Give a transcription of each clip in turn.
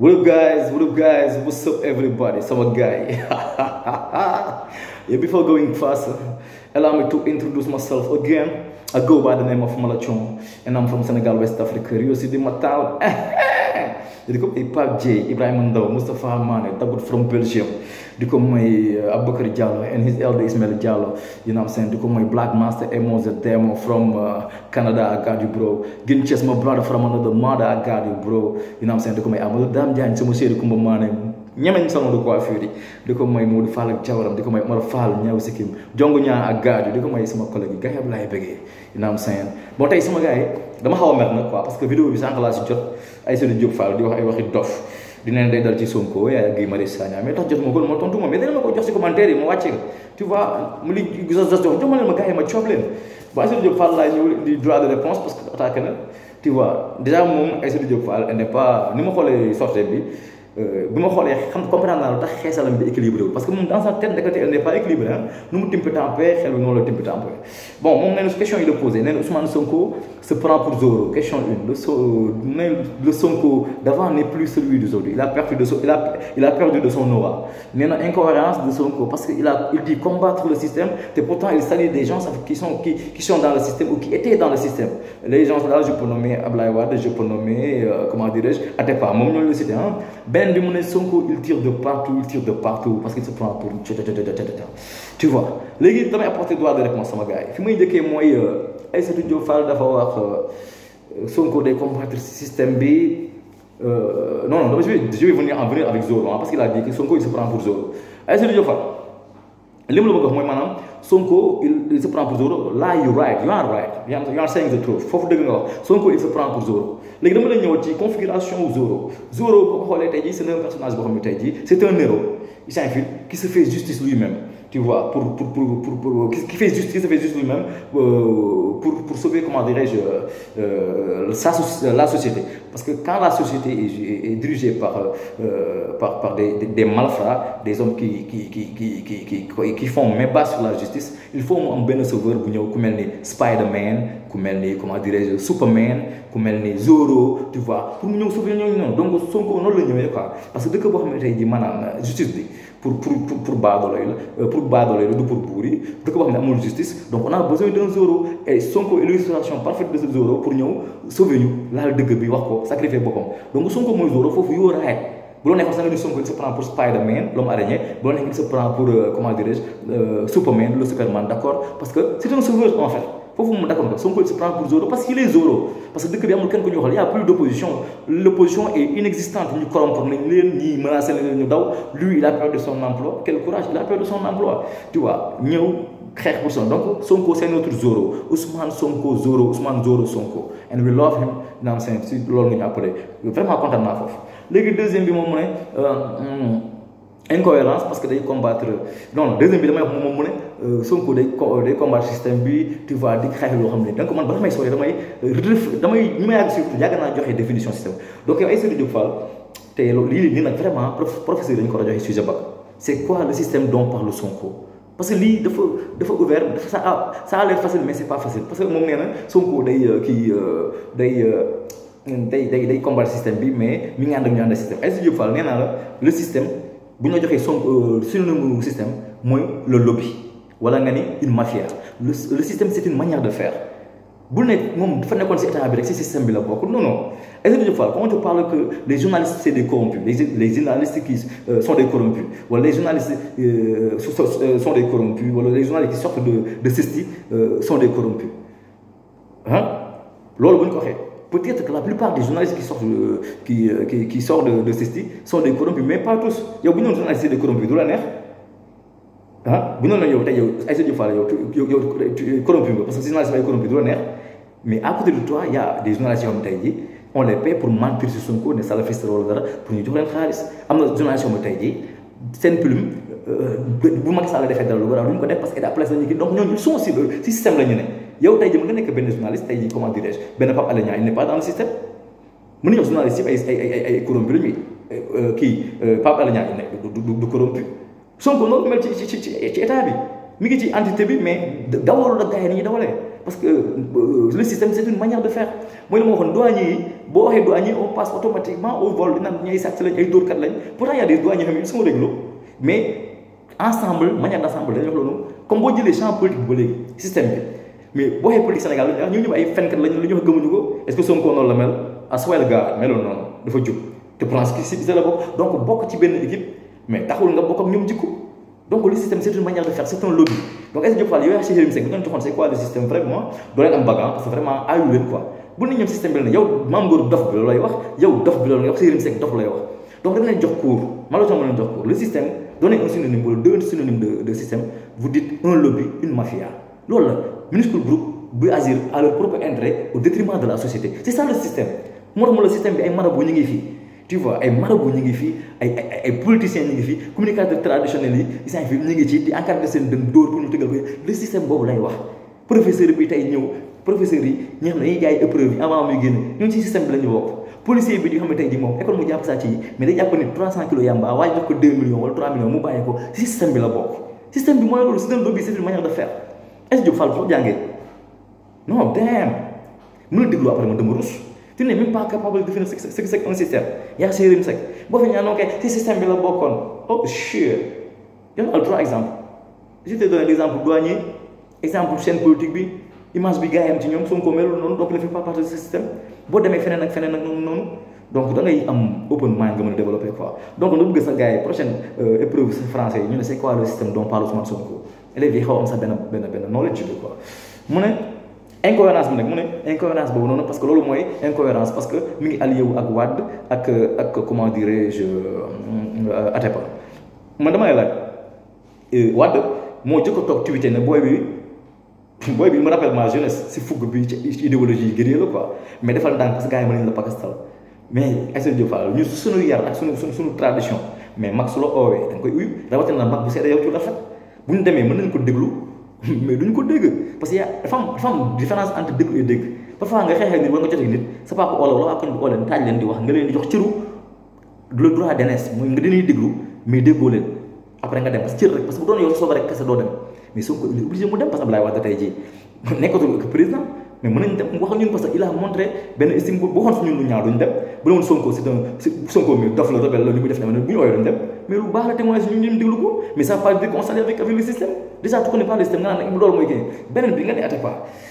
What up guys, what up guys, what's up everybody, it's guy. yeah, before going faster, allow me to introduce myself again. I go by the name of Malachon and I'm from Senegal, West Africa, Rio City, my town. Jadi kau Ipak J, Ibrahim Ndao, Mustafa Amane, Tabut from Belgium. di ko mooy euh, Aboubacar Diallo and his elder Ismail Diallo you know what I'm saying di ko mooy Black Master Emos the Demo from euh, Canada I got you bro Gin Chess my brother from another mother I got you bro you know what di ko mooy Amadou Dame Diagne sama séeri Kumba ak jawaram di di ko mooy sama collègue yi gars laay bëggee you know what I'm tey sama gars dama xaw a mer nag quoi parce que vidéo bi sànq si jot ay Seydou Diop Fall di wax ay waxi dof dinañ day dal ci Sonko yaa Guy Marius Sagna mais tax jot ma ko ma tontu ma mais dina ma ko jox si commentaire yi ma wàcce tu vois mu li sos sos jox jox ma leen ma gars yi ma coof leen ba Aïssatou Diop Fall laa ñëw di droit de réponse parce que na tu vois déjà moom Aïssatou Diop Fall elle n'est pas ni ma xoolee sortie bi Euh, bu ma xoolee xam comprendre naa la tax xeesalam bi équilibré parce que dans sa tête il elle n'est pas équilibrée hein. nu mu timpi tempé xel bi noonu la bon moom nee question il la posé nee na Ousmane Sonko se prend pour Zoro question une le Zoro Sonko d'avant n'est plus celui d'aujourd'hui il a perdu de son il a il a perdu de son aura incohérence de Sonko parce qu'il a il dit combattre le système et pourtant il salue des gens qui sont qui sont dans le système ou qui étaient dans le système les gens là je peux nommer Ablaye Wade je peux nommer euh, comment dirais-je Atepa moom ñoo le cité hein. ben benn mon Sonko il tire de partout il tire de partout parce qu'il se prend pour tu vois léegi damay apporter droit de réponse ma gars moi, fi may njëkkee mooy euh, Aïssatou Diop Fall dafa wax euh, Sonko day combattre système B. non euh, non non, je vais je vais venir en venir avec Zoro hein, parce qu'il a dit que Sonko il se prend pour Zoro Aïssatou Diop Fall li mu la bëgg a wax mooy Sonko il, il se prend pour Zoro là you right you are right you are saying the truth Sonko il se prend pour Zoro léegi dama la ñëw la configuration Zoro Zoro comme ko xoolee tey c'est un personnage comme xam ne dit, c'est un héros il s'infiltre qui se fait justice lui-même tu vois, pour, pour, pour, pour, pour euh, qui fait justice qui fait justice lui-même euh, pour, pour, sauver, comment dirais-je, euh, euh la, société. Parce que quand la société est, est, dirigée par, euh, par, par des, des, des, malfrats, des hommes qui, qui, qui, qui, qui, qui, font main basse sur la justice, il faut un bon sauveur pour nous, comme Spider-Man, comme comment dirais-je, Superman, comme Zorro tu vois, pour nous sauver, nous, donc, non nous sommes quoi. Parce que dès que vous avez dit, madame, justice, pour pour pour baadolo la euh, pour badolay la du pour buur dëkk wax ni amul justice donc on a besoin d'un Zoro et Sonko illustration parfaite de ce Zoro pour ñëw sauver ñu laal dëgg bi wax ko sacrifier boppam donc Sonko mooy Zoro foofu yoo raay bu lo nekkoon sax nga ni Sonko se prend pour Spider-Man l'homme araignée bu loo nekk se prend pour euh, comment dirais-je euh, Superman le Superman d'accord parce que c'est un sauveur en fait. Faut moom d'accord Son Sonko se prend pour Zoro parce qu'il est Zoro parce que depuis bi amul a plus d'opposition l'opposition est inexistante ñu corrompre nañ leen nous menacé lui il a perdu son emploi quel courage il a perdu son emploi tu vois ñëw xeex pour son donc Sonko c'est notre Zoro Ousmane Sonko Zoro Ousmane Zoro Sonko and we love him ce seen si loolu nga appelé vraiment content naa foofu léegi deuxième bi moom incohérence parce que day combattre non deuxième bi damay wax moom euh, Sonko day day combattre système bi tu vois dik xeex loo xamné donc man ba damay sori damay rëf damay ni may yàgg surtout yàgg na joxe définition système donc ay Aïssatou Diop Fall te li li lii vraiment professeur dañ ko war joxe sujet bac c'est quoi le système dont parle Sonko parce que li dafa dafa ouvert dafa ça a ça a l'air facile mais c'est pas facile parce que mom néna Sonko day qui euh, euh, day day day combattre système bi mais mi ngi ànd ak ñu ànd système Aïssatou Diop Fall nee le système si on la joxee son euh, système mooy le lobby wala nga une mafia le système c'est une manière de faire bu ne moom dafa nekkoon si état bi rek système non non quand on parle que les journalistes c'est des corrompus les les journalistes qui euh, sont des corrompus wala les journalistes euh, sont des corrompus wala les journalistes qui sortent de de sont des corrompus hein loolu que je ko dire. Peut-être que la plupart des journalistes qui sortent, euh, qui, euh, qui, qui, sortent de, de CESTI sont des corrompus, mais pas tous. Il y a beaucoup de journalistes qui sont des corrompus, d'où la nerf. ah bu noonu la yow tey yow ay sa yow yow parce que si journalistes sont corrompus du la mais à côté de toi y a des journalistes yoo xam on les paye pour mentir sur coup. ne salafiste la le dara pour nous dire leen xaalis am na journaliste yoo xam tey jii seen plume euh, bu Macky Sall defee dara lu war a duñ ko def parce que état place la ñu kii donc nous, ils sont aussi si euh, système la ñu yow tey ji mën nga nekk benn journaliste tey ji comment benn Pape Alé Niang il n'est pas dans le système mën nañu wax journaliste yëpp ay ay ay euh, euh, kii euh, Pape Alé Niang il nekk du du corrompu Sonko noonu mel bi mi ngi ci entité bi mais dawalu la parce que le système c'est une manière de faire mooy la ma waxoon douanier yi boo waxee douanier on passe automatiquement au vol dinañ ñay sàcc lañ ay dóorkat lañ pourtant y a des douaniers xam ne ils réglo mais ensemble manière d'ensemble dañuy wax loolu comme boo jëlee champ politique ba mais boo xee politique Sénégal ñu ñu ay fenkat lañu la ñu wax gëmuñu ko est ce que Sonko noonu la mel Aswell Ga meloon noonu dafa jub te pense que si la bokk donc bokk ci benn équipe mais taxul nga bokk ak ñoom jikko donc le système c' est une manière de faire c' est un lobby donc est ce que Diop Fall yow yaa si Yérim Seck bu ngeen joxoon c' quoi le système vraiment doo leen am bagan parce que vraiment aayu leen quoi bu ne ñoom système bi la yow maam góor dof bi loolu lay wax yow dof bi loolu ngay wax si Yérim Seck dof lay wax donc dañ leen jox cours malheureusement leen jox cour le système donné un synonyme wala deux synonyme de de système vous dites un lobby une mafia loolu la minuscule groupe buy agir à leur propre au détriment de la société c'est ça le système moo tax ma le système bi ay marabu ñu ngi fii tu vois ay marabu ñu ngi fii ay ay politiciens ngi fii communicateurs traditionnels yi isaan fi ñu ngi ci di encadré seen dën dóor pour ñu ko le système boobu lay wax professeur bi tey ñëw professeurs yi ñi nga xam ne dañuy jaay épreuve yi avant muy génn ñoom ci système bi la ñu bokk policier bi di nga xam ne tey ji moom S Diop Fall soo jàngee non damn mën na déglu après man dama rus tu n'es même pas capable de définir ce que c'est un système yaa séeréer sec boo fi ñaanoo kay ci système bi la bokkoon oh sure yow trois exemples je te donne exemple douanier exemple chaîne politique bi image bi gars yi am ci ñoom donc il ne fait pas partie du système boo demee feneen ak feneen ak noonu noonu donc da ngay am open mind nga mën a développer quoi donc nga bëgg sa gars prochaine euh, épreuve français yi ñu ne c'est quoi le système dont parle Ousmane Sonko élèves vi xaw am sax benn benn knowledge bi quoi mu incohérence bi nag incohérence bo non parce que lolu moy incohérence parce que mi ngi allié wu ak wad ak ak comment dire je euh, Atepa man dama lay laaj euh, wad mo jëkk tok toog tuité ne booy bi boy bi mu rappelle ma jeunesse si fugg bi ci idéologie yi guerrier la quoi mais defal dank parce que gars yi mën nañu la pakastal mais Aïssatou Diop Fall ñu suñu yar ak suñu suñu tradition mais max lo la dang koy uy rawatina na mag bu sédé yow ci rafet bu ñu demee mën nañ ko déglu mais duñ ko dégg parce que yaa dafa entre déglu et dégg parfois nga xeexee nit wala nga jotee nit sa papa oola wala waa koñ bi di wax nga leen di jox cëru le droit d'aînesse dem parce cër rek parce bu doon yow sooba rek kese doo dem mais Sonko il est mu dem parce que Abdoulaye Wade tey jii nekkatul que président mais mën nañ dem wax ñun parce que il a montré benn estime bu waxoon suñu lu ñaaw duñ dem bu ne woon Sonko c'est un Sonko mi dof la rebelle la li mais lu baax la témoignage ñu ngi leen déglu ko mais ça pas dire qu'on s'allie avec avec le système déjà tu connais pas le système nga naan loolu mooy génne beneen bi nga ne Atepa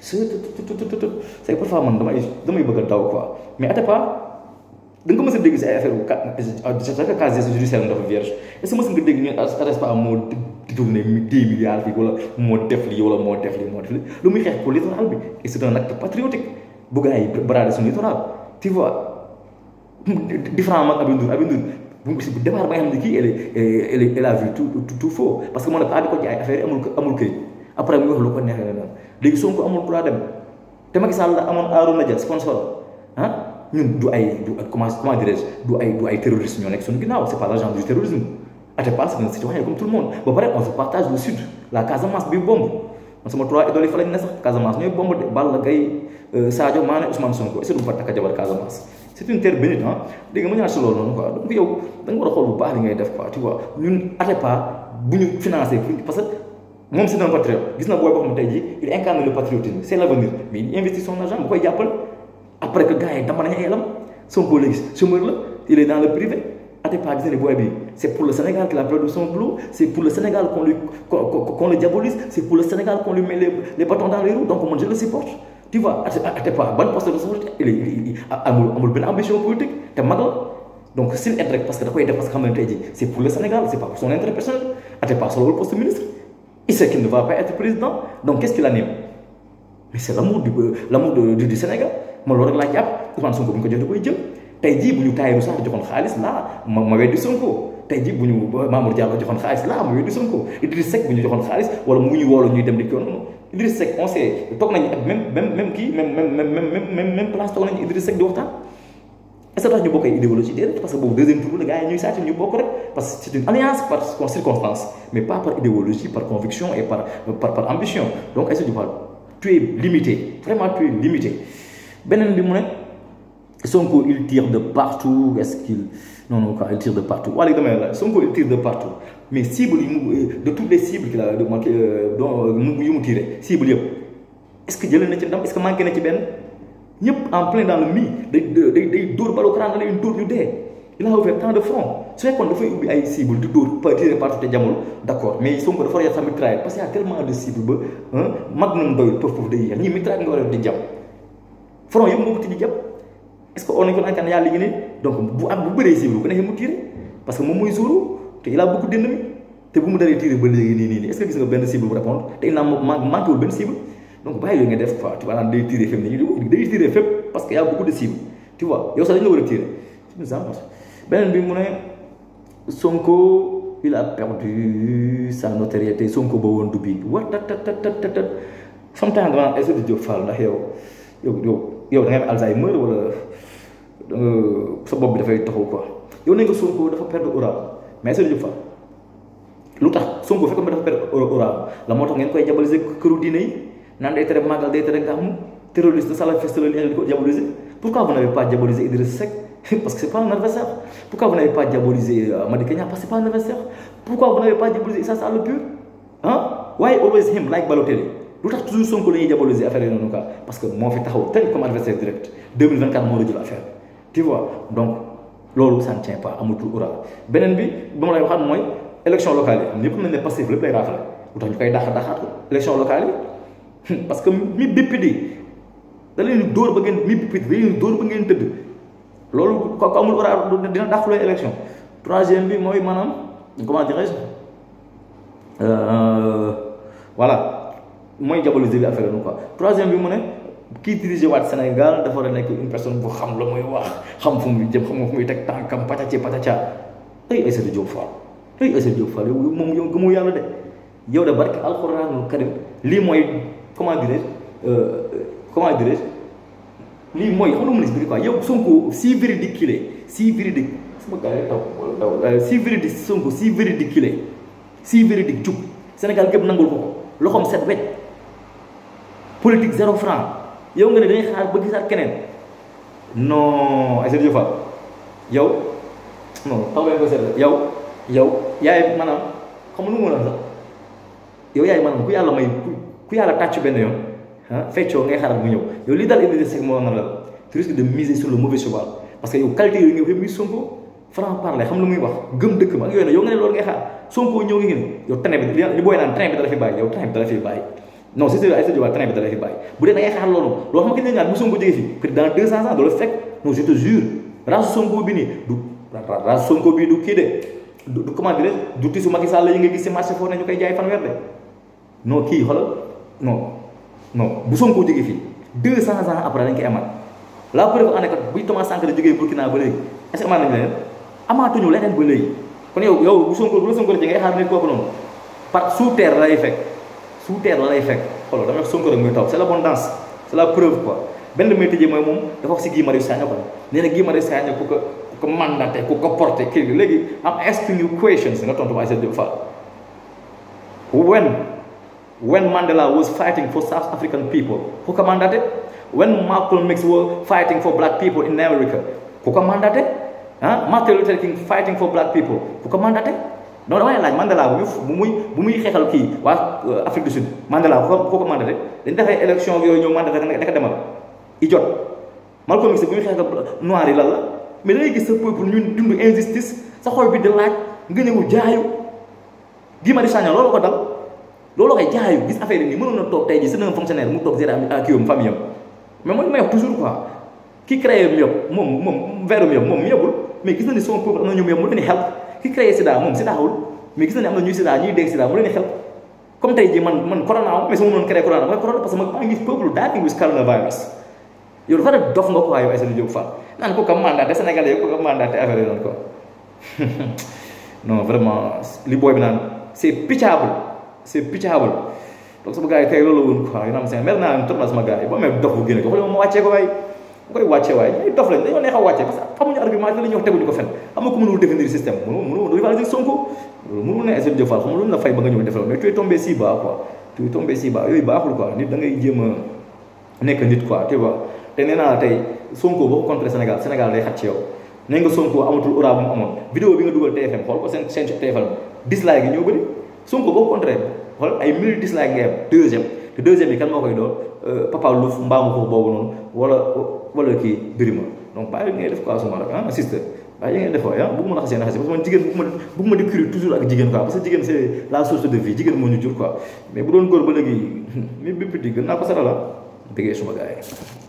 c'est que parfois man damay bëgg a daw quoi mais Atepa da nga mës a dégg si ay euh, ah, dafa vierge est-ce que nga dégg ñu Atepa ah, moo détourné dix milliards bi wala moo def lii wala moo def lii moo def lii lu muy xeex pour littoral bi et c'est un acte yi brader suñu donc si bu départ bay xam ne kii elle elle elle a vu tout tout faux parce que moo ne pas di ko jaay affaire yi amul amul après mu wax lu ko neexee la amul droit dem te Macky Sall la amoon Arouna Dia sponsor ah ñun du ay du ay du ñoo nekk suñu ginnaaw c'est pas l'agent du terrorisme Atepa c'est un citoyen comme tout le monde ba pare on se partage le sud la Casamance bi bomb man sama trois idoles fa lañ ne sax Casamance bomb de Balla Gaye euh, Sadio Mané Ousmane Sonko c'est une terre bénite ah dégg nga ma ñaan si loolu noonu quoi donc yow da nga war a xool bu baax li ngay def quoi tu vois ñun Atepa bu ñu financé parce que moom c'est un patriote gis na booy boo xam ne tey jii il incarne le patriotisme c'est l'avenir mais il investit son argent bu koy jàppal après que gars yi dama nañu ay lam Sonko léegi chômeur la il est dans le privé pas gis na ne booy bi c'est pour le Sénégal que la production bleue c'est pour le Sénégal qu'on lui qu'on le diabolise c'est pour le Sénégal qu'on lui met les les bâtons dans les roues donc man je le supporte Tu vois, à des fois, bonne personne de santé, il est amour bien ambition politique, t'es mal. Donc, c'est l'intérêt parce que t'as quoi, parce c'est pour le Sénégal, c'est pas pour son intérêt personnel, à des pas sur le poste de ministre. Il sait qu'il ne va pas être président, donc qu'est-ce qu'il en est Mais c'est l'amour du, l'amour du, du, Sénégal. Moi, l'autre là, yap, Ousmane Sonko, bu ko jox da Tay ji bu ñu taayru sax joxoon xaalis là, ma ma weddi Sonko. tay ji bu eh, Mamour Diallo joxoon xaalis là, ma weddi Sonko. Idriss Seck bu ñu joxoon wala mu ñu woolu ñuy dem di ko Idriss Seck on sait toog nañu même même même même même même même même place toog nañu Idriss Seck di waxtaan. est-ce que tax ñu bokk idéologie déedéet parce que boobu deuxième tour la gars yi ñuy sàcc ñu bokk rek parce que c'est une alliance par circonstance mais pas par idéologie par conviction et par par par ambition donc est-ce que tu es limité vraiment tu es limité benen bi mu nek Sonko il tire de partout est-ce qu'il non non quoi il tire de partout Allez demain la Sonko il tire de partout mais cible euh, de toutes les cibles qu'il a de manquer euh, dont euh, yu mu tirer cible yëpp est ce que jëlee na ci ndam est ce que manqué na ci benn ñëpp en plein dans le mi day day day dóor balu karaan la une dóor yu dee il a ouvert tant de front su fekkoon dafay ubbi ay cible di dóor par tiré partout te jamul d' accord mais Sonko dafa war a yor sa mitraillette parce qu'il y' a tellement de cibles ba hein, mag nañ doyul pëf pëf day yéex ñii mitraillette nga di jam front yëpp moo ko tijji est ce que on nañ ko ankaan yàlla liggéey donc bu am bu bëree cible bu ko nekkee mu tiré parce que moom mooy zoro te il a beaucoup d'ennemis te bu mu dalee tiire ba léegi nii nii nii est ce que gis nga benn cible bu répondre te il n'a manqué benn cible donc bàyyi yooyu nga def quoi tu vois naan day tiire fépp nañu day tiire fépp parce que y a beaucoup de cibles tu vois yow sax dañu la war a tiire suñu sens bi mu ne Sonko il a perdu sa notoriété Sonko ba woon du bii tat tat tat tat tat sometimes dama est eh, ce que di Diop Fall ndax yow yow yow yow da ngay Alzheimer wala eh, sa bopp bi dafay taxaw quoi yow ne nga Sonko dafa perdre oral mais Serigne Diouf Fall lu tax Sonko fekk mu def per oral la moo tax ngeen koy ya, jaboliser këru diine yi naan day tere màggal day tere gàmmu terroriste salafiste la ko jaboliser pourquoi vous n'avez pas diabolisé Idrissa Seck parce que c'est pas un adversaire pourquoi vous n'avez pas diabolisé Madické Niang parce que c'est pas un adversaire pourquoi vous n'avez pas diabolisé Issa Sall pur ah why always him like Balotelli lu tax toujours Sonko la ñuy diaboliser affaire yi noonu quoi parce que moo fi taxaw tel comme adversaire direct 2024 moo la jël affaire tu vois donc loolu ça ne tient pas amatul oral beneen bi ba ma lay waxaat mooy élection locale yi am ñëpp nañ ne passif lépp lay raafale lu tax ñu koy daxa daxaat ko élection yi parce que mi BPD da leen dóor ba ngeen mi BPD da leen dóor ba ngeen tëdd loolu ko amul oral dina daxlooy élection troisième bi mooy maanaam comment dirais-je euh, voilà mooy diaboliser li affaire bi quoi troisième bi mu ne kii dirigé waat Sénégal dafa war a nekk une personne bu xam la muy wax xam fu muy jëm xam fu muy teg tànkam di pataca ay Aïssatou Diop Fall ay Aïssatou Diop Fall yow moom yow gëmoo yàlla de yow de barke alxuraanul karim lii mooy comment dirais-je comment dirais-je lii mooy xam nga quoi yow Sonko si véridique qu'il si véridique sama gars taw taw eh, si véridique Sonko si véridique qu'il si véridique jub Sénégal gépp nangul ko ko loxoom set wet politique zéro franc yow nga ne dangay xaar ba gisaat keneen non ay sa jëfal yow non taw leen ko seet yow yow yaay maanaam xam nu mu la sax yow yaay maanaam ku yàlla may ku yàlla tàcc benn yoon ah feccoo ngay xaar bu ñëw yow li daal Idrissa Seck moo nar la tu risques de miser sur le mauvais cheval parce que yow qualité yooyu nga koy mis Sonko franc parler xam lu muy wax gëm dëkk ma ak yooyu nag yow nga ne loolu ngay xaar Sonko ñëw nga ne yow train bi li booy naan train bi dala fi bàyyi yow train bi dala fi bàyyi non si c'est c'est du train bi da lay bàyyi bu dee da ngay xaar loolu loo xam ne dañ naan mu Sonko jógee fi que dans deux cent ans doo la fekk non je te jure rasu Sonko bi nii du rasu Sonko bi du kii de du comment dire du tisu Macky Sall la yi nga gis si marché foofu ne ñu koy jaay fanweer de non ki xoolal non non bu Sonko jógee fi deux cent ans après dañ koy amaat la preuve en est que bu Thomas Sankara jógee Burkina ba léegi est ce que amaat nañu leneen leneen ba léegi kon yow yow bu Sonko bu la Sonko la ngay xaar nit kooku par sous terre lay fek tout terre la lay fekk xoolal dafa wax Sonko rek muy toog c' est l' abondance c' est la preuve quoi benn li may tëjee mooy moom dafa wax si Guy Marius Sagna ko nee na Guy Marius Sagna ko ko mandaté ku ko porté kii bi am asking you questions nga tontu ma Aïssata Diop Fall when when Mandela was fighting for South African people ku ko mandaté when Malcolm X was fighting for black people in America ku ko mandaté ah Martin Luther King fighting for black people ku ko mandaté non dama leen laaj Mandela bu muy bu muy bu muy xeexal kii waa euh, Afrique du Sud Mandela ko ko ko mandaté dañ defee élection yooyu ñëw mandaté daka demal i jot Malcolm X bu muy xeexal noir yi la mais da ngay gis sa peuple ñun dund sa xol bi di laaj nga ñëw jaayu Guy Marius Sagna ko dal loolu koy jaayu gis affaire yi nii mënoon na toog tey ji c'est un fonctionnaire mu toog gérer am kii yam famille am mais mooy may wax toujours quoi ki créé mu yëpp moom yëpp mais gis na ni son peuple am na ñu mu yëpp mu help ki créé sida moom sida xawul mais gis na ne am na ñuy sida ñuy dégg sida mu leen di xel comme tey ji man man corona am mais su ma mënoon créé corona mooy corona parce que ma ngi peuple daa ngi dafa dof nga ko waaye yow Aïssatou Diop naan ko kam mandat sénégalais yow ko kam mandat affaire yi noonu ko non vraiment li booy bi naan c'est pitiable c'est pitiable donc sama gars yi tey loolu la woon quoi yu naan seen mer naa leen trop na sama gars yi boo amee dof bu génne ko xool ma wàccee mu koy wàcce waaye ay dof wàcce parce que xamuñu argument la ñuy wax teguñu ko fen am na ku mënul définir système mënul mënul rivaliser Sonko mënul ne Aïssatou Diop Fall nga ñëw defal mais tu es tombé si bas quoi tu es tombé si nekk nit quoi te nee tey Sonko boo ko contre Sénégal Sénégal day xat ci yow nee nga Sonko amatul aura mu amoon vidéo bi nga dugal TFM xool ko seen seen TFM dislike yi ñoo bëri Sonko boo ko contre xool ay mille dislike ngay deuxième te deuxième yi kan moo koy doon Euh, papa Louf mbaamu ko boobu noonu wala wala kii birima donc bàyyi ngay def quoi suma rek ah sister waaye yi ngeen def waay ah bëgg ma naxasee naxasee parce que man jigéen bëgg ma bëgg ma di curie toujours ak jigéen quoi parce que jigéen c'est la source de vie jigéen moo ñu jur quoi mais bu doon góor ba léegi mi bépp di gën naa ko sarala bëggee suma gars